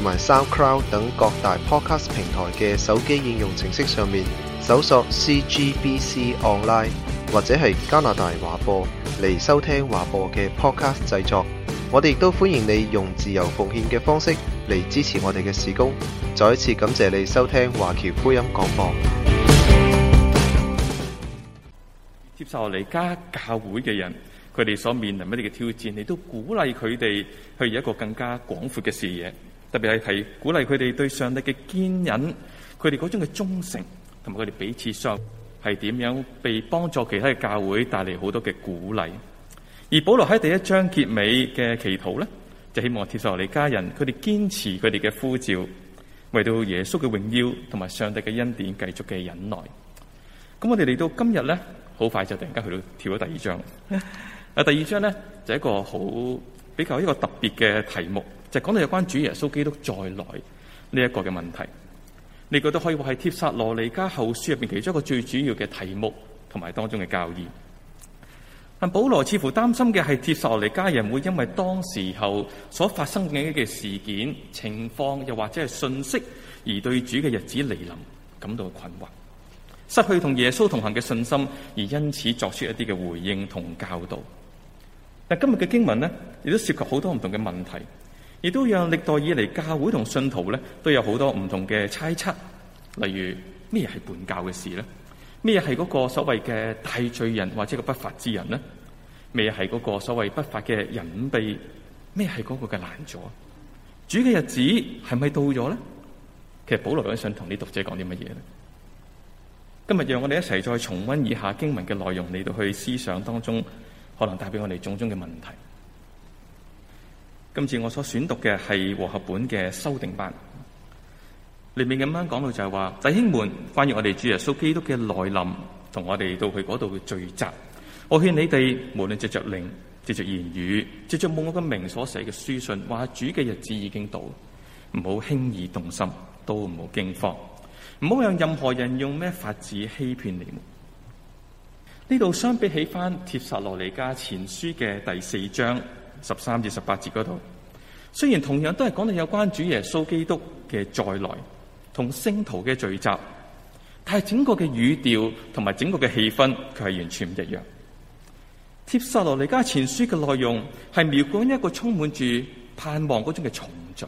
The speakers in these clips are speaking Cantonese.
同埋 SoundCloud 等各大 Podcast 平台嘅手機應用程式上面搜索 CGBC Online 或者係加拿大華播嚟收聽華播嘅 Podcast 製作。我哋亦都歡迎你用自由奉獻嘅方式嚟支持我哋嘅事工。再一次感謝你收聽華僑福音廣播。接受嚟家教會嘅人，佢哋所面臨一啲嘅挑戰，你都鼓勵佢哋去有一個更加廣闊嘅視野。特別係係鼓勵佢哋對上帝嘅堅忍，佢哋嗰種嘅忠誠，同埋佢哋彼此相係點樣被幫助，其他嘅教會帶嚟好多嘅鼓勵。而保羅喺第一章結尾嘅祈禱咧，就希望帖撒羅尼迦家人佢哋堅持佢哋嘅呼召，為到耶穌嘅榮耀同埋上帝嘅恩典繼續嘅忍耐。咁我哋嚟到今日咧，好快就突然間去到跳咗第二章。啊，第二章咧就係一個好比較一個特別嘅題目。就講到有關主耶穌基督再來呢一個嘅問題，你覺得可以話係帖撒羅尼迦後書入邊其中一個最主要嘅題目同埋當中嘅教義。但保羅似乎擔心嘅係帖撒羅尼迦人會因為當時候所發生嘅一啲事件、情況，又或者係信息，而對主嘅日子來臨感到困惑，失去同耶穌同行嘅信心，而因此作出一啲嘅回應同教導。但今日嘅經文呢，亦都涉及好多唔同嘅問題。亦都讓歷代以嚟教會同信徒咧都有好多唔同嘅猜測，例如咩係叛教嘅事咧？咩係嗰個所謂嘅大罪人或者個不法之人咧？咩係嗰個所謂不法嘅隱蔽？咩係嗰個嘅攔阻？主嘅日子係咪到咗咧？其實保羅想同啲讀者講啲乜嘢咧？今日讓我哋一齊再重溫以下經文嘅內容，嚟到去思想當中可能帶俾我哋種種嘅問題。今次我所選讀嘅係和合本嘅修訂版，裏面咁樣講到就係話弟兄們，關於我哋主耶穌基督嘅來臨，同我哋到去嗰度嘅聚集。我勸你哋，無論藉着靈、藉着言語、藉着冇我嘅名所寫嘅書信，話主嘅日子已經到，唔好輕易動心，都唔好驚慌，唔好讓任何人用咩法子欺騙你們。呢度相比起翻帖撒羅尼加前書嘅第四章。十三至十八節嗰度，雖然同樣都係講到有關主耶穌基督嘅再來同聖徒嘅聚集，但係整個嘅語調同埋整個嘅氣氛，佢係完全唔一樣。帖撒羅尼迦前書嘅內容係描繪一個充滿住盼望嗰種嘅重聚，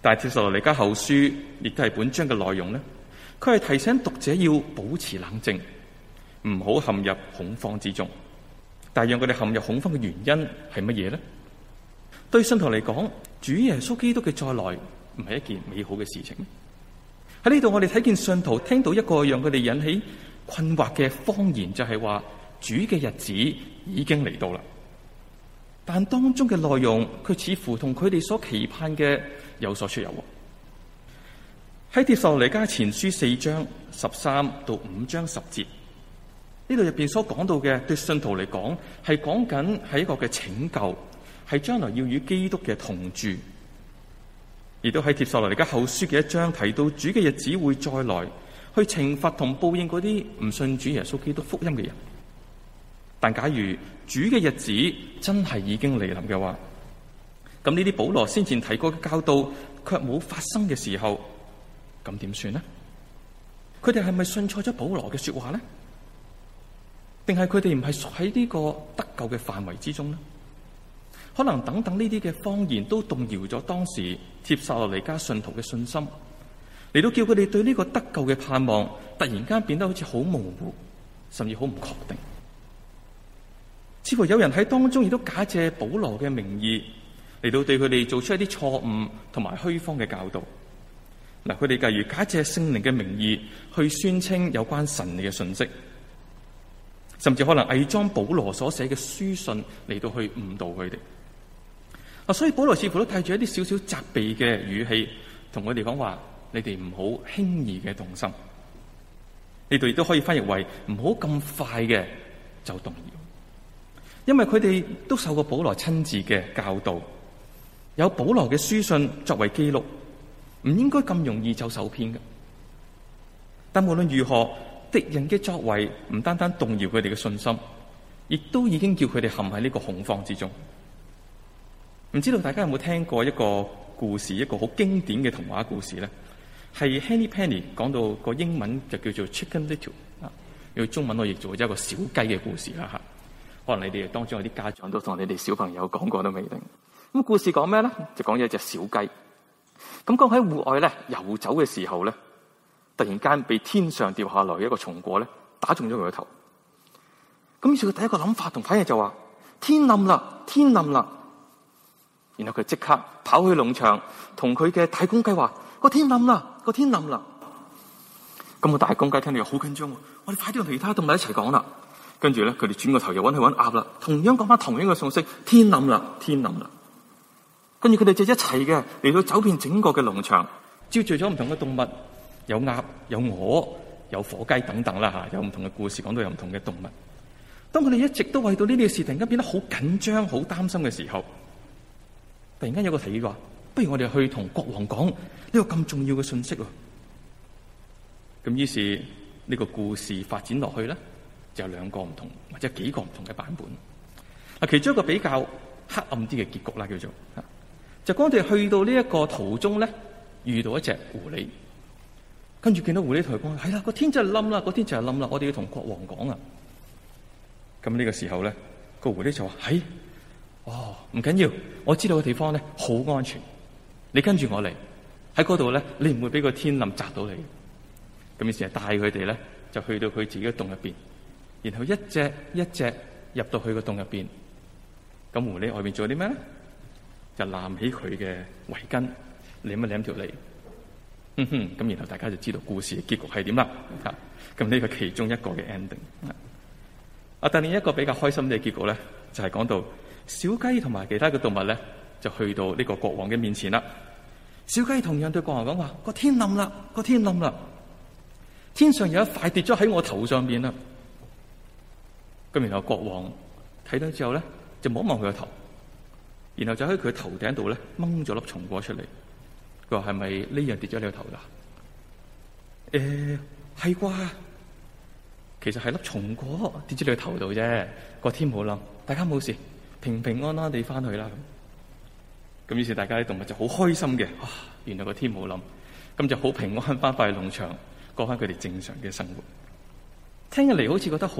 但係帖撒羅尼迦後書亦都係本章嘅內容咧，佢係提醒讀者要保持冷靜，唔好陷入恐慌之中。但係讓佢哋陷入恐慌嘅原因係乜嘢呢？對信徒嚟講，主耶穌基督嘅再來唔係一件美好嘅事情。喺呢度我哋睇見信徒聽到一個讓佢哋引起困惑嘅謊言，就係、是、話主嘅日子已經嚟到啦。但當中嘅內容，佢似乎同佢哋所期盼嘅有所出入。喺帖撒羅尼迦前書四章十三到五章十節。呢度入邊所講到嘅，對信徒嚟講係講緊係一個嘅拯救，係將來要與基督嘅同住。亦都喺帖撒羅尼迦後書嘅一章提到，主嘅日子會再來，去懲罰同報應嗰啲唔信主耶穌基督福音嘅人。但假如主嘅日子真係已經嚟臨嘅話，咁呢啲保羅先前提過嘅教導卻冇發生嘅時候，咁點算呢？佢哋係咪信錯咗保羅嘅說話呢？定係佢哋唔係屬喺呢個得救嘅範圍之中呢？可能等等呢啲嘅謊言都動搖咗當時帖撒羅尼迦信徒嘅信心，嚟到叫佢哋對呢個得救嘅盼望突然間變得好似好模糊，甚至好唔確定。似乎有人喺當中亦都假借保羅嘅名義嚟到對佢哋做出一啲錯誤同埋虛謊嘅教導。嗱，佢哋假如假借聖靈嘅名義去宣稱有關神嘅信息。甚至可能偽裝保羅所寫嘅書信嚟到去誤導佢哋。啊，所以保羅似乎都帶住一啲少少責備嘅語氣，同佢哋講話：你哋唔好輕易嘅動心。你哋亦都可以翻譯為唔好咁快嘅就動搖。因為佢哋都受過保羅親自嘅教導，有保羅嘅書信作為記錄，唔應該咁容易就受騙嘅。但無論如何。敵人嘅作為唔單單動搖佢哋嘅信心，亦都已經叫佢哋陷喺呢個恐慌之中。唔知道大家有冇聽過一個故事，一個好經典嘅童話故事咧，係 Henny Penny 講到個英文就叫做 Chicken Little 啊，用中文我亦做咗一個小雞嘅故事啦吓。可能你哋當中有啲家長都同你哋小朋友講過都未定。咁故事講咩咧？就講咗一隻小雞，咁講喺戶外咧遊走嘅時候咧。突然間被天上掉下來的一個松果咧打中咗佢個頭，咁於是佢第一個諗法同反應就話、是：天冧啦，天冧啦！然後佢即刻跑去農場同佢嘅大公雞話：個天冧啦，個天冧啦！咁個大公雞聽到又好緊張，我哋快啲同其他動物一齊講啦。跟住咧，佢哋轉個頭又揾去揾鴨啦，同樣講翻同樣嘅訊息：天冧啦，天冧啦！跟住佢哋就一齊嘅嚟到走遍整個嘅農場，召集咗唔同嘅動物。有鴨有鵝有，有火雞等等啦，吓有唔同嘅故事，講到有唔同嘅動物。當佢哋一直都為到呢啲事，突然間變得好緊張、好擔心嘅時候，突然間有個提議話，不如我哋去同國王講呢個咁重要嘅信息啊。咁於是呢、這個故事發展落去咧，就有兩個唔同或者幾個唔同嘅版本。其中一個比較黑暗啲嘅結局啦，叫做就當佢哋去到呢一個途中咧，遇到一隻狐狸。跟住見到狐狸抬光係啦，個天真係冧啦，個天真係冧啦，我哋要同國王講啊！咁、這、呢個時候咧，個狐狸就話：喺、哎，哦，唔緊要，我知道個地方咧好安全，你跟住我嚟，喺嗰度咧，你唔會俾個天冧砸到你。咁你成日帶佢哋咧，就去到佢自己嘅洞入邊，然後一隻一隻入到佢個洞入邊。咁狐狸外邊做啲咩咧？就攬起佢嘅圍巾，舐一舐條脷。嗯哼，咁然後大家就知道故事嘅結局係點啦，吓，咁呢個其中一個嘅 ending。啊，但另一個比較開心嘅結局咧，就係、是、講到小雞同埋其他嘅動物咧，就去到呢個國王嘅面前啦。小雞同樣對國王講話：個天冧啦，個天冧啦，天上有一塊跌咗喺我頭上邊啦。咁然後國王睇到之後咧，就摸望佢個頭，然後就喺佢頭頂度咧掹咗粒松果出嚟。係咪呢樣跌咗你個頭噶？誒、欸，係啩？其實係粒松果跌咗你個頭度啫。個天冇冧，大家冇事，平平安安地翻去啦。咁咁，於是大家啲動物就好開心嘅。哇、啊，原來個天冇冧，咁就好平安翻翻去農場過翻佢哋正常嘅生活。聽起嚟好似覺得好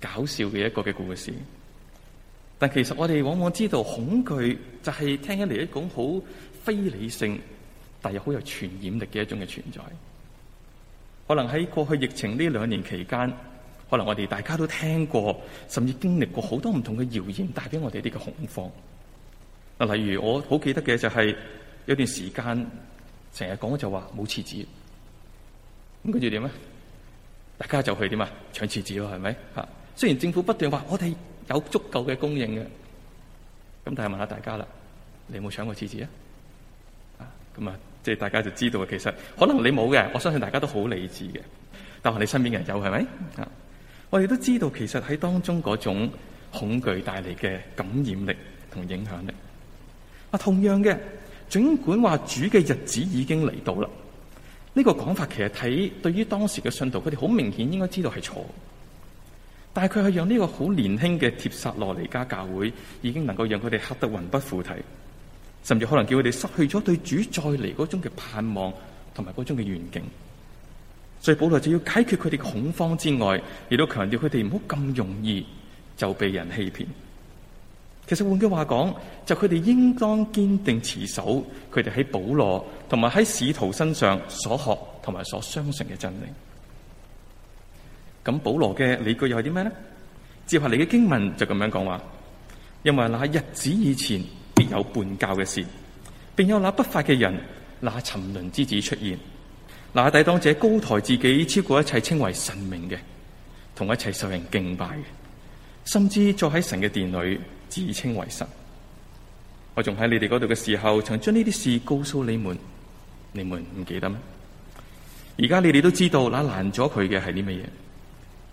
搞笑嘅一個嘅故事，但其實我哋往往知道恐懼就係聽起嚟一講好。非理性，但係又好有傳染力嘅一種嘅存在。可能喺過去疫情呢兩年期間，可能我哋大家都聽過，甚至經歷過好多唔同嘅謠言，帶俾我哋啲嘅恐慌。嗱，例如我好記得嘅就係有段時間，成日講就話冇廁紙，咁跟住點咧？大家就去點啊？搶廁紙咯，係咪？吓，雖然政府不斷話我哋有足夠嘅供應嘅，咁但係問下大家啦，你有冇搶過廁紙啊？咁啊，即係大家就知道其實可能你冇嘅，我相信大家都好理智嘅。但係你身邊嘅人有係咪？我哋都知道，其實喺當中嗰種恐懼帶嚟嘅感染力同影響力。啊，同樣嘅，盡管話主嘅日子已經嚟到啦，呢個講法其實睇對於當時嘅信徒，佢哋好明顯應該知道係錯。但係佢係讓呢個好年輕嘅帖撒羅尼迦教會，已經能夠讓佢哋嚇得魂不附體。甚至可能叫佢哋失去咗對主再嚟嗰種嘅盼望，同埋嗰種嘅願景。所以保羅就要解決佢哋嘅恐慌之外，亦都強調佢哋唔好咁容易就被人欺騙。其實換句話講，就佢哋應當堅定持守佢哋喺保羅同埋喺使徒身上所學同埋所相信嘅真理。咁保羅嘅理據又係啲咩呢？接下嚟嘅經文就咁樣講話：因為那日子以前。必有叛教嘅事，並有那不法嘅人、那沉淪之子出現，那抵擋者高抬自己，超過一切，稱為神明嘅，同一切受人敬拜嘅，甚至坐在喺神嘅殿裏自稱為神。我仲喺你哋嗰度嘅時候，曾將呢啲事告訴你們，你們唔記得咩？而家你哋都知道，那難咗佢嘅係啲乜嘢？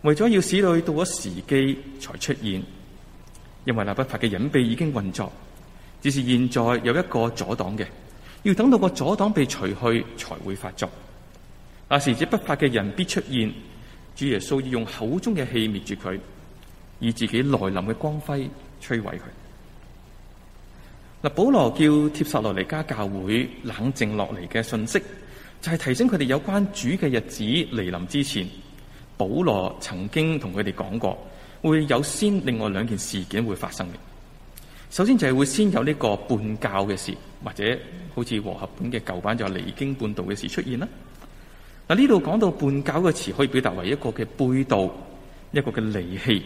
為咗要使佢到咗時機才出現，因為那不法嘅隱秘已經運作。只是現在有一個阻擋嘅，要等到個阻擋被除去才會發作。啊，時者不法嘅人必出現，主耶穌要用口中嘅氣滅住佢，以自己來臨嘅光輝摧毀佢。嗱，保羅叫帖撒羅尼迦教會冷靜落嚟嘅信息，就係、是、提醒佢哋有關主嘅日子嚟臨之前，保羅曾經同佢哋講過，會，會有先另外兩件事件會發生嘅。首先就係會先有呢個叛教嘅事，或者好似和合本嘅舊版就是離經叛道嘅事出現啦。嗱，呢度講到叛教嘅詞，可以表達為一個嘅背道，一個嘅離棄，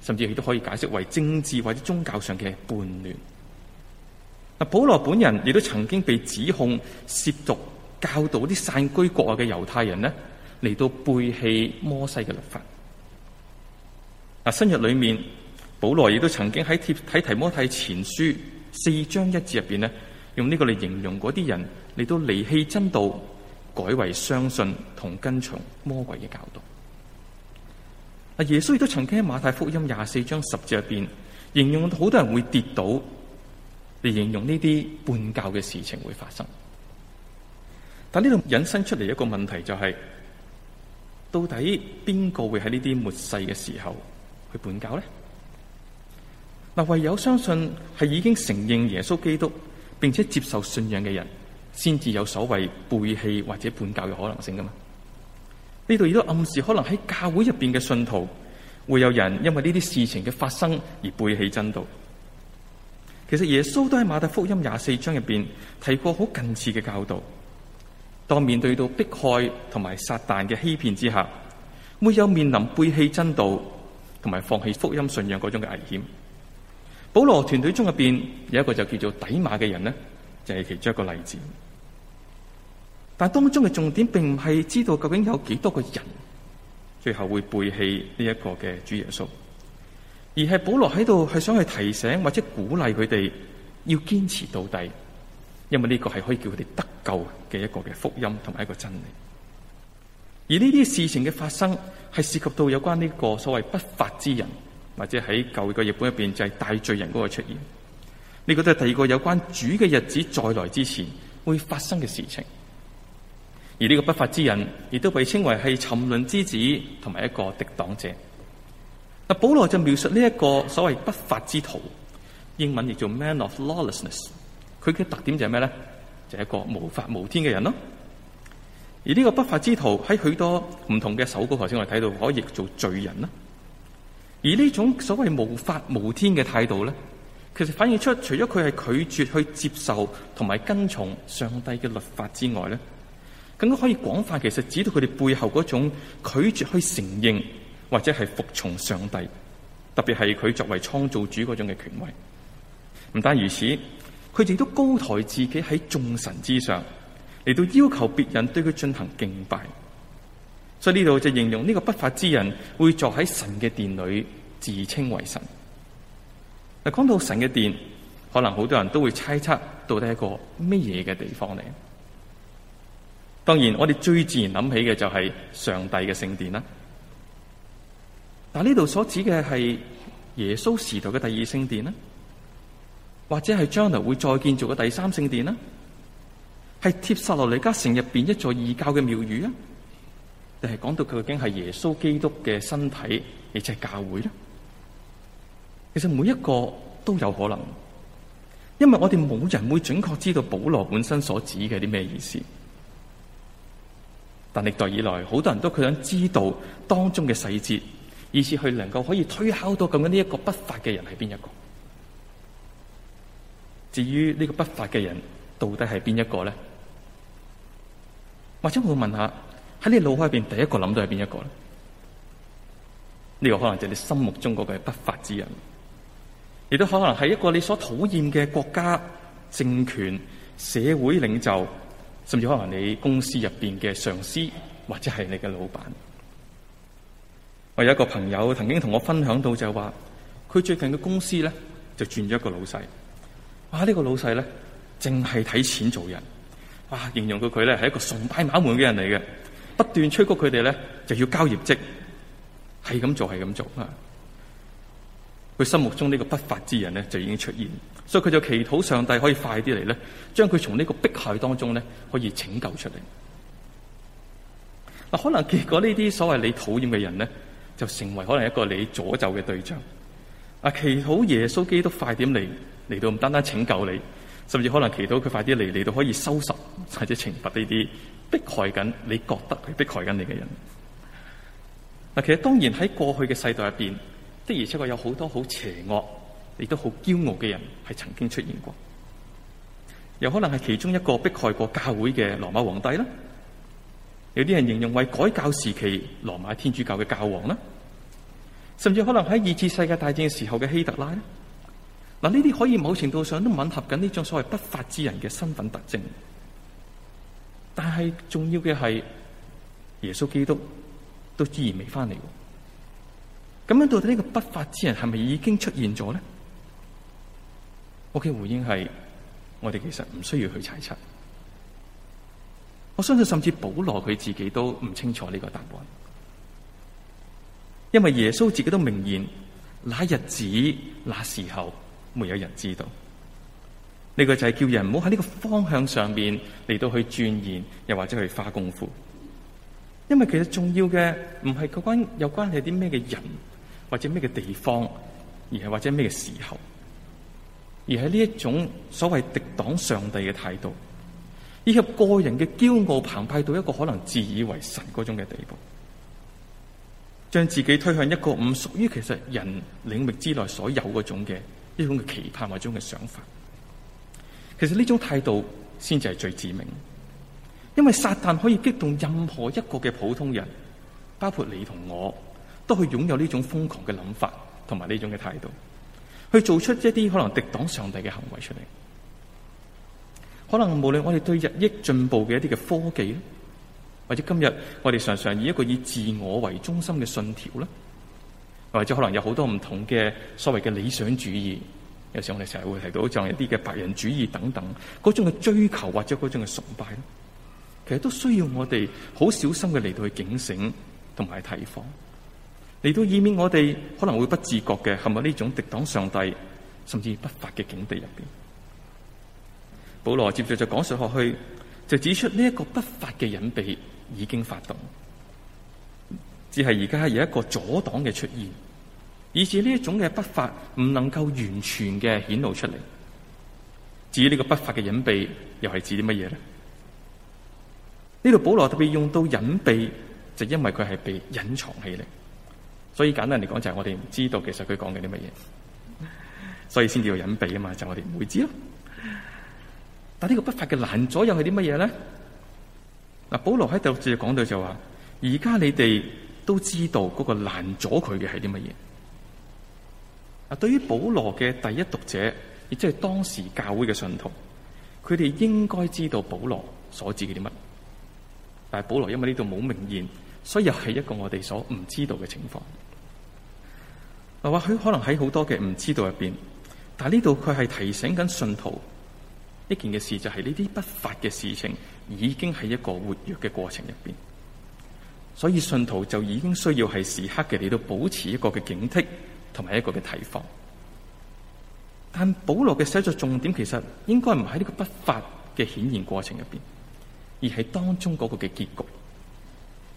甚至亦都可以解釋為政治或者宗教上嘅叛亂。嗱，保羅本人亦都曾經被指控涉毒教導啲散居國外嘅猶太人咧嚟到背棄摩西嘅律法。嗱，新約裏面。保羅亦都曾經喺貼喺提摩太前書四章一節入邊咧，用呢個嚟形容嗰啲人嚟到離棄真道，改為相信同跟從魔鬼嘅教導。阿耶穌亦都曾經喺馬太福音廿四章十節入邊，形容好多人會跌倒，嚟形容呢啲叛教嘅事情會發生。但呢度引申出嚟一個問題就係、是，到底邊個會喺呢啲末世嘅時候去叛教咧？嗱，唯有相信係已經承認耶穌基督，並且接受信仰嘅人，先至有所謂背棄或者叛教嘅可能性噶嘛？呢度亦都暗示可能喺教會入邊嘅信徒，會有人因為呢啲事情嘅發生而背棄真道。其實耶穌都喺馬太福音廿四章入邊提過好近似嘅教導。當面對到迫害同埋撒旦嘅欺騙之下，會有面臨背棄真道同埋放棄福音信仰嗰種嘅危險。保羅團隊中入邊有一個就叫做底馬嘅人呢就係、是、其中一個例子。但當中嘅重點並唔係知道究竟有幾多個人最後會背棄呢一個嘅主耶穌，而係保羅喺度係想去提醒或者鼓勵佢哋要堅持到底，因為呢個係可以叫佢哋得救嘅一個嘅福音同埋一個真理。而呢啲事情嘅發生係涉及到有關呢個所謂不法之人。或者喺舊嘅日本入邊就係大罪人嗰個出現，呢個都係第二個有關主嘅日子再來之前會發生嘅事情。而呢個不法之人，亦都被稱為係沉淪之子同埋一個敵黨者。嗱，保羅就描述呢一個所謂不法之徒，英文亦做 man of lawlessness，佢嘅特點就係咩咧？就係、是、一個無法無天嘅人咯。而呢個不法之徒喺許多唔同嘅手稿頭先我哋睇到，可以譯做罪人啦。而呢種所謂無法無天嘅態度咧，其實反映出除咗佢係拒絕去接受同埋跟從上帝嘅律法之外咧，更加可以廣泛其實指到佢哋背後嗰種拒絕去承認或者係服從上帝，特別係佢作為創造主嗰種嘅權威。唔單如此，佢亦都高抬自己喺眾神之上，嚟到要求別人對佢進行敬拜。所以呢度就形容呢個不法之人會坐喺神嘅殿裏，自稱為神。嗱，講到神嘅殿，可能好多人都會猜測到底係一個咩嘢嘅地方嚟？當然，我哋最自然諗起嘅就係上帝嘅聖殿啦。但呢度所指嘅係耶穌時代嘅第二聖殿啦，或者係將來會再建造嘅第三聖殿啦，係帖撒羅尼迦城入邊一座異教嘅廟宇啊？定係講到佢究竟係耶穌基督嘅身體，亦即係教會呢？其實每一個都有可能，因為我哋冇人會準確知道保羅本身所指嘅啲咩意思。但歷代以來，好多人都佢想知道當中嘅細節，以至去能夠可以推敲到咁樣呢一個不法嘅人係邊一個。至於呢個不法嘅人到底係邊一個呢？或者我問一下？喺你腦海入邊，第一個諗到係邊一個咧？呢個可能就係你心目中嗰個不法之人，亦都可能係一個你所討厭嘅國家政權、社會領袖，甚至可能你公司入邊嘅上司或者係你嘅老闆。我有一個朋友曾經同我分享到就係話佢最近嘅公司咧就轉咗一個老細，哇！呢個老細咧淨係睇錢做人，哇！形容到佢咧係一個崇拜馬門嘅人嚟嘅。不斷催促佢哋咧，就要交業績，係咁做，係咁做啊！佢心目中呢個不法之人咧，就已經出現，所以佢就祈禱上帝可以快啲嚟咧，將佢從呢個迫害當中咧，可以拯救出嚟。嗱，可能結果呢啲所謂你討厭嘅人咧，就成為可能一個你詛咒嘅對象。啊，祈禱耶穌基督快點嚟，嚟到唔單單拯救你。甚至可能祈禱佢快啲嚟，嚟到可以收拾或者懲罰呢啲逼害緊你，覺得佢逼害緊你嘅人。嗱，其實當然喺過去嘅世代入邊，的而且確有好多好邪惡亦都好驕傲嘅人係曾經出現過。有可能係其中一個逼害過教會嘅羅馬皇帝啦，有啲人形容為改教時期羅馬天主教嘅教皇啦，甚至可能喺二次世界大戰嘅時候嘅希特拉嗱，呢啲可以某程度上都吻合緊呢種所謂不法之人嘅身份特徵，但係重要嘅係耶穌基督都依然未翻嚟。咁樣到底呢個不法之人係咪已經出現咗呢？我嘅回應係，我哋其實唔需要去猜測。我相信甚至保羅佢自己都唔清楚呢個答案，因為耶穌自己都明言，那日子，那時候。沒有人知道，呢個就係叫人唔好喺呢個方向上面嚟到去鑽研，又或者去花功夫。因為其實重要嘅唔係關有關係啲咩嘅人，或者咩嘅地方，而係或者咩嘅時候，而係呢一種所謂敵擋上帝嘅態度，以及個人嘅驕傲澎湃到一個可能自以為神嗰種嘅地步，將自己推向一個唔屬於其實人領域之內所有嗰種嘅。呢種嘅期盼或者呢種嘅想法，其實呢種態度先至係最致命，因為撒旦可以激動任何一個嘅普通人，包括你同我，都去擁有呢種瘋狂嘅諗法同埋呢種嘅態度，去做出一啲可能敵擋上帝嘅行為出嚟。可能無論我哋對日益進步嘅一啲嘅科技，或者今日我哋常常以一個以自我為中心嘅信條或者可能有好多唔同嘅所謂嘅理想主義，有時我哋成日會提到像一啲嘅白人主義等等，嗰種嘅追求或者嗰種嘅崇拜，其實都需要我哋好小心嘅嚟到去警醒同埋提防，嚟到以免我哋可能會不自覺嘅陷入呢種敵擋上帝甚至不法嘅境地入邊。保羅接着就講述落去，就指出呢一個不法嘅隱蔽已經發動。只係而家有一個阻擋嘅出現，以至呢一種嘅不法唔能夠完全嘅顯露出嚟。至於呢個不法嘅隱蔽，又係指啲乜嘢呢？呢度保羅特別用到隱蔽，就因為佢係被隱藏起嚟，所以簡單嚟講就係我哋唔知道，其實佢講緊啲乜嘢，所以先至叫做隱蔽啊嘛，就我哋唔會知咯。但呢個不法嘅難阻又係啲乜嘢咧？嗱，保羅喺第六節講到就話：而家你哋都知道嗰個難阻佢嘅係啲乜嘢？啊，對於保羅嘅第一讀者，亦即係當時教會嘅信徒，佢哋應該知道保羅所指嘅啲乜？但係保羅因為呢度冇明言，所以又係一個我哋所唔知道嘅情況。啊，或許可能喺好多嘅唔知道入邊，但係呢度佢係提醒緊信徒一件嘅事，就係，就係呢啲不法嘅事情已經喺一個活躍嘅過程入邊。所以信徒就已經需要係時刻嘅嚟到保持一個嘅警惕同埋一個嘅提防。但保羅嘅寫作重點其實應該唔喺呢個不法嘅顯現過程入邊，而喺當中嗰個嘅結局，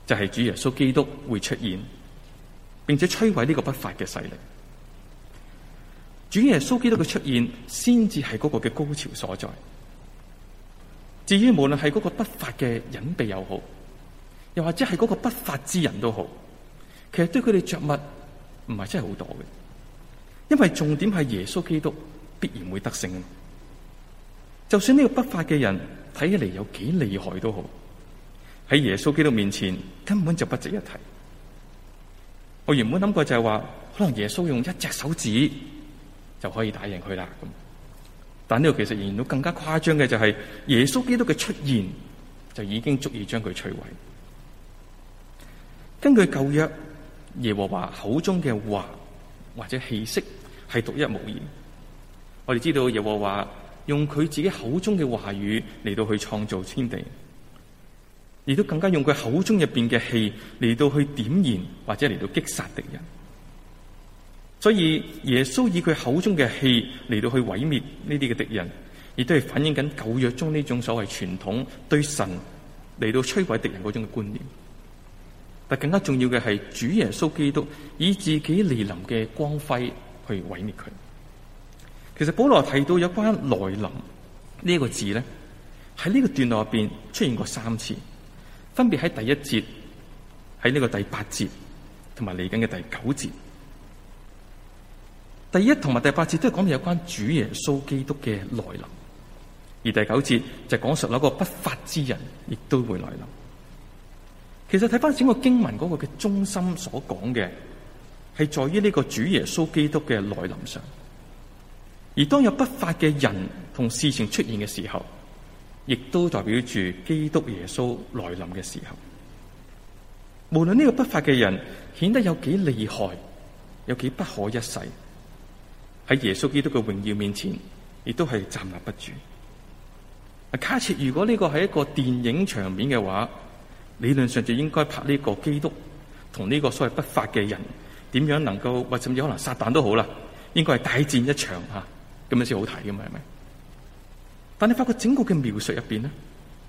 就係主耶穌基督會出現，並且摧毀呢個不法嘅勢力。主耶穌基督嘅出現，先至係嗰個嘅高潮所在。至於無論係嗰個不法嘅隱蔽又好。又或者係嗰個不法之人都好，其實對佢哋著物唔係真係好多嘅，因為重點係耶穌基督必然會得勝。就算呢個不法嘅人睇起嚟，有幾厲害都好，喺耶穌基督面前根本就不值一提。我原本諗過就係話，可能耶穌用一隻手指就可以打贏佢啦咁，但呢個其實形容到更加誇張嘅就係耶穌基督嘅出現就已經足以將佢摧毀。根據舊約，耶和華口中嘅話或者氣息係獨一無二。我哋知道耶和華用佢自己口中嘅話語嚟到去創造天地，亦都更加用佢口中入面嘅氣嚟到去點燃或者嚟到擊殺敵人。所以耶穌以佢口中嘅氣嚟到去毀滅呢啲嘅敵人，亦都係反映緊舊約中呢種所謂傳統對神嚟到摧毀敵人嗰種嘅觀念。但更加重要嘅係主耶穌基督以自己來臨嘅光輝去毀滅佢。其實保羅提到有關來臨呢個字咧，喺呢個段落入邊出現過三次，分別喺第一節、喺呢個第八節同埋嚟緊嘅第九節。第一同埋第八節都係講到有關主耶穌基督嘅來臨，而第九節就講述嗰個不法之人亦都會來臨。其實睇翻整個經文嗰個嘅中心所講嘅，係在於呢個主耶穌基督嘅來臨上。而當有不法嘅人同事情出現嘅時候，亦都代表住基督耶穌來臨嘅時候。無論呢個不法嘅人顯得有幾厲害，有幾不可一世，喺耶穌基督嘅榮耀面前，亦都係站立不住。啊，假設，如果呢個係一個電影場面嘅話。理論上就應該拍呢個基督同呢個所謂不法嘅人點樣能夠，或者甚至可能撒旦都好啦，應該係大戰一場吓，咁樣先好睇噶嘛係咪？但你發覺整個嘅描述入邊呢，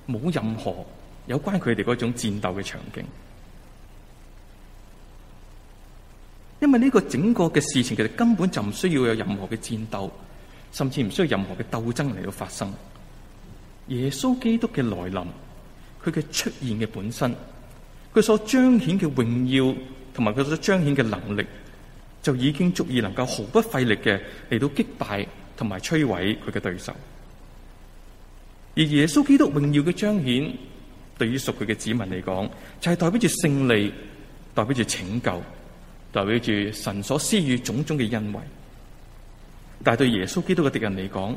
冇任何有關佢哋嗰種戰鬥嘅場景，因為呢個整個嘅事情其實根本就唔需要有任何嘅戰鬥，甚至唔需要任何嘅鬥爭嚟到發生。耶穌基督嘅來臨。佢嘅出現嘅本身，佢所彰顯嘅榮耀同埋佢所彰顯嘅能力，就已經足以能夠毫不費力嘅嚟到擊敗同埋摧毀佢嘅對手。而耶穌基督榮耀嘅彰顯，對於屬佢嘅子民嚟講，就係代表住勝利，代表住拯救，代表住神所施予種種嘅恩惠。但係對耶穌基督嘅敵人嚟講，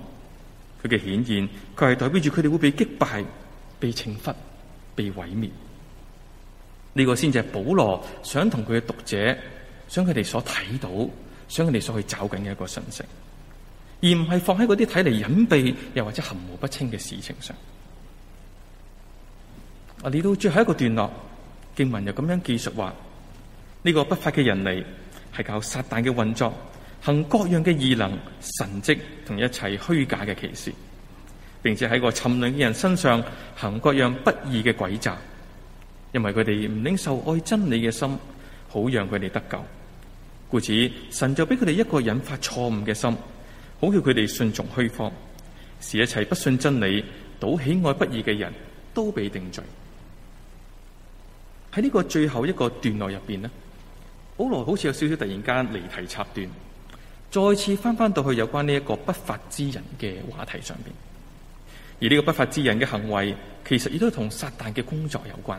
佢嘅顯現，佢係代表住佢哋會被擊敗、被懲罰。被毀滅，呢、這個先至係保羅想同佢嘅讀者，想佢哋所睇到，想佢哋所去找緊嘅一個信息，而唔係放喺嗰啲睇嚟隱蔽又或者含糊不清嘅事情上。啊，嚟到最後一個段落，經文又咁樣記述話：呢、這個不法嘅人嚟係靠撒但嘅運作，行各樣嘅異能、神蹟同一切虛假嘅奇事。並且喺個沉淪嘅人身上行各樣不義嘅詭詐，因為佢哋唔領受愛真理嘅心，好讓佢哋得救。故此，神就俾佢哋一個引發錯誤嘅心，好叫佢哋順從虛謊，使一切不信真理、倒喜愛不義嘅人都被定罪。喺呢個最後一個段落入邊呢，保羅好似有少少突然間離題插斷，再次翻翻到去有關呢一個不法之人嘅話題上邊。而呢個不法之人嘅行為，其實亦都同撒旦嘅工作有關。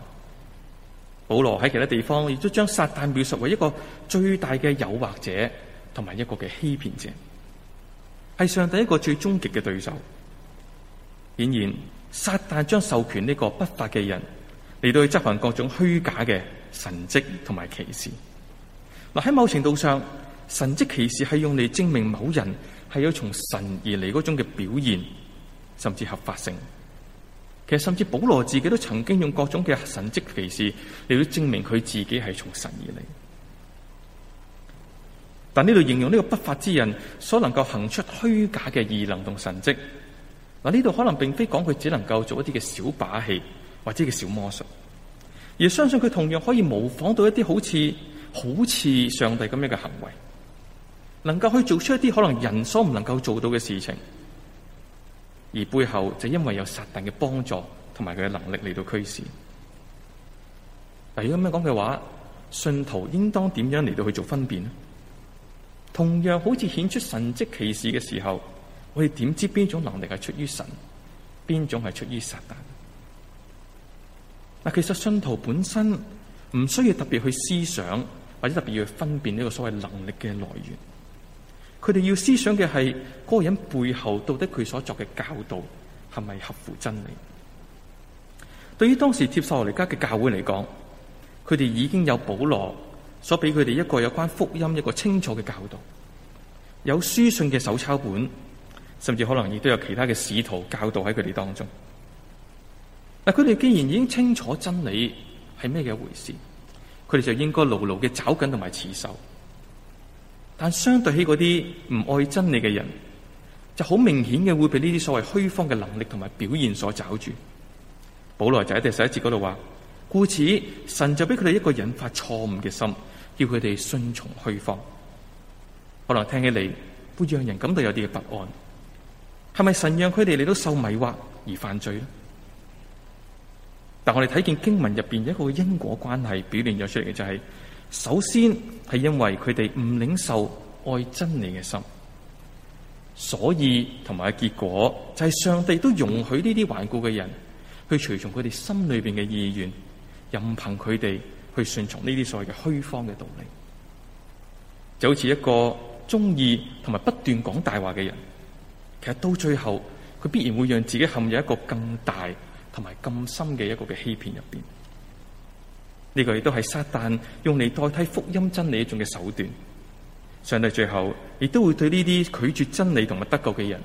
保羅喺其他地方亦都將撒旦描述為一個最大嘅誘惑者，同埋一個嘅欺騙者，係上帝一個最終極嘅對手。顯然，然，撒旦將授權呢個不法嘅人嚟到去執行各種虛假嘅神蹟同埋奇事。嗱，喺某程度上，神蹟奇事係用嚟證明某人係有從神而嚟嗰種嘅表現甚至合法性，其實甚至保羅自己都曾經用各種嘅神迹奇事嚟到證明佢自己係從神而嚟。但呢度形容呢個不法之人所能夠行出虛假嘅異能同神迹，嗱，呢度可能并非講佢只能夠做一啲嘅小把戲或者嘅小魔術，而相信佢同樣可以模仿到一啲好似好似上帝咁樣嘅行為，能夠去做出一啲可能人所唔能夠做到嘅事情。而背後就因為有撒旦嘅幫助同埋佢嘅能力嚟到驅使。嗱，如果咁樣講嘅話，信徒應當點樣嚟到去做分辨呢？同樣好似顯出神蹟奇事嘅時候，我哋點知邊種能力係出於神，邊種係出於撒旦？嗱，其實信徒本身唔需要特別去思想或者特別要去分辨呢個所謂能力嘅來源。佢哋要思想嘅係，嗰個人背後到底佢所作嘅教導係咪合乎真理？對於當時帖撒羅尼迦嘅教會嚟講，佢哋已經有保羅所俾佢哋一個有關福音一個清楚嘅教導，有書信嘅手抄本，甚至可能亦都有其他嘅使徒教導喺佢哋當中。但佢哋既然已經清楚真理係咩嘅一回事，佢哋就應該牢牢嘅抓緊同埋持守。但相對起嗰啲唔愛真理嘅人，就好明顯嘅會俾呢啲所謂虛謊嘅能力同埋表現所找住。保羅就喺第十一節嗰度話：故此神就俾佢哋一個引發錯誤嘅心，叫佢哋順從虛謊。可能聽起嚟會讓人感到有啲不安，係咪神讓佢哋嚟到受迷惑而犯罪咧？但我哋睇見經文入邊一個因果關係表現咗出嚟嘅就係、是。首先係因為佢哋唔領受愛真理嘅心，所以同埋結果就係上帝都容許呢啲頑固嘅人去隨從佢哋心裏邊嘅意願，任憑佢哋去順從呢啲所謂嘅虛方嘅道理。就好似一個中意同埋不斷講大話嘅人，其實到最後佢必然會讓自己陷入一個更大同埋更深嘅一個嘅欺騙入邊。呢、這個亦都係撒旦用嚟代替福音真理一種嘅手段。上到最後，亦都會對呢啲拒絕真理同埋得救嘅人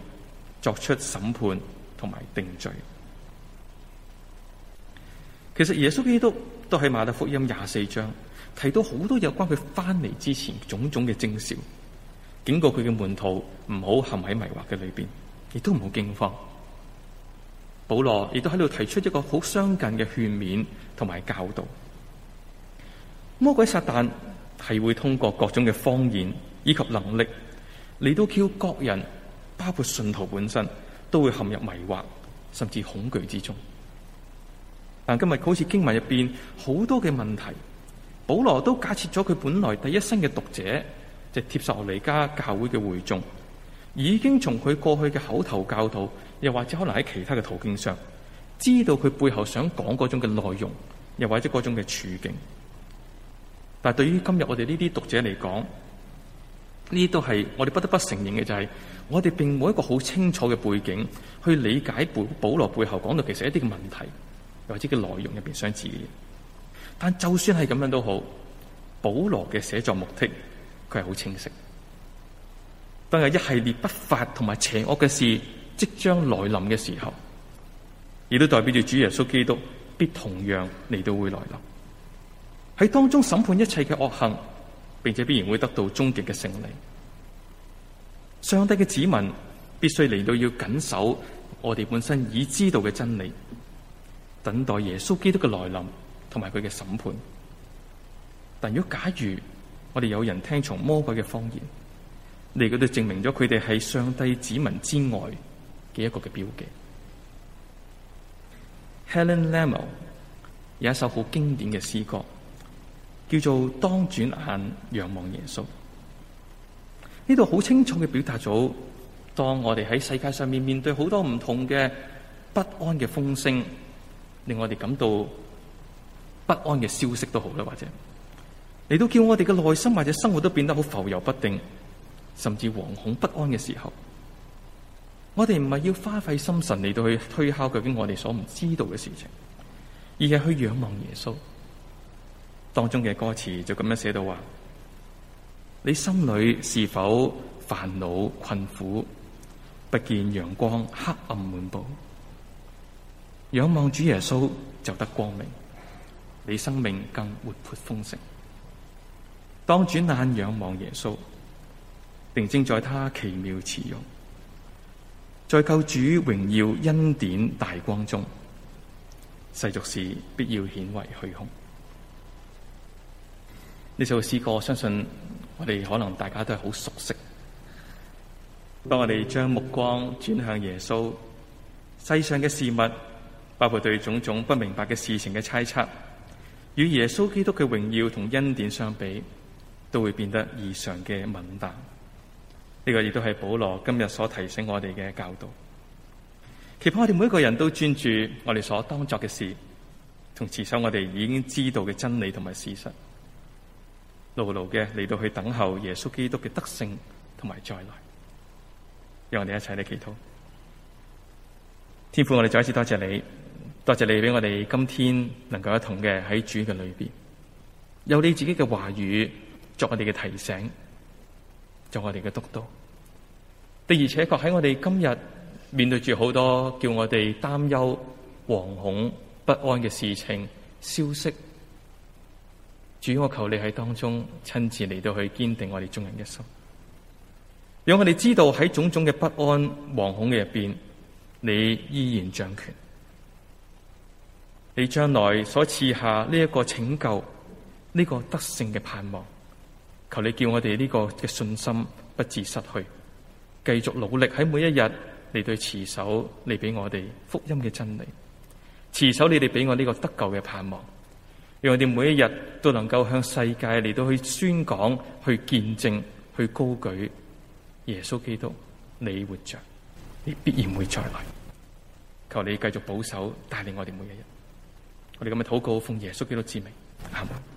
作出審判同埋定罪。其實耶穌基督都喺馬太福音廿四章提到好多有關佢翻嚟之前種種嘅徵兆，警告佢嘅門徒唔好陷喺迷惑嘅裏邊，亦都唔好驚慌。保羅亦都喺度提出一個好相近嘅勸勉同埋教導。魔鬼撒旦係會通過各種嘅謊言以及能力，嚟到叫各人，包括信徒本身，都會陷入迷惑甚至恐懼之中。但今日好似經文入邊好多嘅問題，保羅都假設咗佢本來第一身嘅讀者，就帖撒羅尼迦教會嘅會眾，已經從佢過去嘅口頭教導，又或者可能喺其他嘅途徑上，知道佢背後想講嗰種嘅內容，又或者嗰種嘅處境。但係對於今日我哋呢啲讀者嚟講，呢都係我哋不得不承認嘅，就是，就係我哋並冇一個好清楚嘅背景去理解保羅背後講到其實一啲嘅問題，又或者嘅內容入邊相似嘅。但就算係咁樣都好，保羅嘅寫作目的佢係好清晰。當有一系列不法同埋邪惡嘅事即將來臨嘅時候，亦都代表住主耶穌基督必同樣嚟到會來臨，喺當中審判一切嘅惡行，並且必然會得到終極嘅勝利。上帝嘅子民必須嚟到要謹守我哋本身已知道嘅真理，等待耶穌基督嘅來臨同埋佢嘅審判。但如果假如我哋有人聽從魔鬼嘅謊言，嚟嗰度證明咗佢哋係上帝子民之外嘅一個嘅標記。Helen Lemmel 有一首好經典嘅詩歌。叫做當轉眼仰望耶穌，呢度好清楚嘅表達咗，當我哋喺世界上面面對好多唔同嘅不安嘅風聲，令我哋感到不安嘅消息都好啦，或者嚟到叫我哋嘅內心或者生活都變得好浮游不定，甚至惶恐不安嘅時候，我哋唔係要花費心神嚟到去推敲究竟我哋所唔知道嘅事情，而係去仰望耶穌。當中嘅歌詞就咁樣寫到話：你心裏是否煩惱困苦，不見陽光，黑暗滿布？仰望主耶穌就得光明，你生命更活潑豐盛。當轉眼仰望耶穌，定睛在他奇妙慈容，在救主榮耀恩典大光中，世俗事必要顯為虛空。呢首詩歌，相信我哋可能大家都係好熟悉。當我哋將目光轉向耶穌，世上嘅事物，包括對種種不明白嘅事情嘅猜測，與耶穌基督嘅榮耀同恩典相比，都會變得異常嘅敏感黯淡。呢、這個亦都係保羅今日所提醒我哋嘅教導。期望我哋每一個人都專注我哋所當作嘅事，同持守我哋已經知道嘅真理同埋事實。牢牢嘅嚟到去等候耶穌基督嘅得勝同埋再來，讓我哋一齊嚟祈禱。天父，我哋再一次多謝你，多謝你俾我哋今天能夠一同嘅喺主嘅裏邊，有你自己嘅話語作我哋嘅提醒，作我哋嘅督導。的而且確喺我哋今日面對住好多叫我哋擔憂、惶恐、不安嘅事情消息。主，我求你喺當中親自嚟到去堅定我哋眾人的心，讓我哋知道喺種種嘅不安、惶恐嘅入邊，你依然掌權。你將來所賜下呢一個拯救、呢個得勝嘅盼望，求你叫我哋呢個嘅信心不致失去，繼續努力喺每一日嚟對持守，嚟俾我哋福音嘅真理，持守你哋俾我呢個得救嘅盼望。讓我哋每一日都能夠向世界嚟到去宣講、去見證、去高舉耶穌基督。你活着，你必然會再來。求你繼續保守帶領我哋每一日。我哋咁樣禱告，奉耶穌基督之名，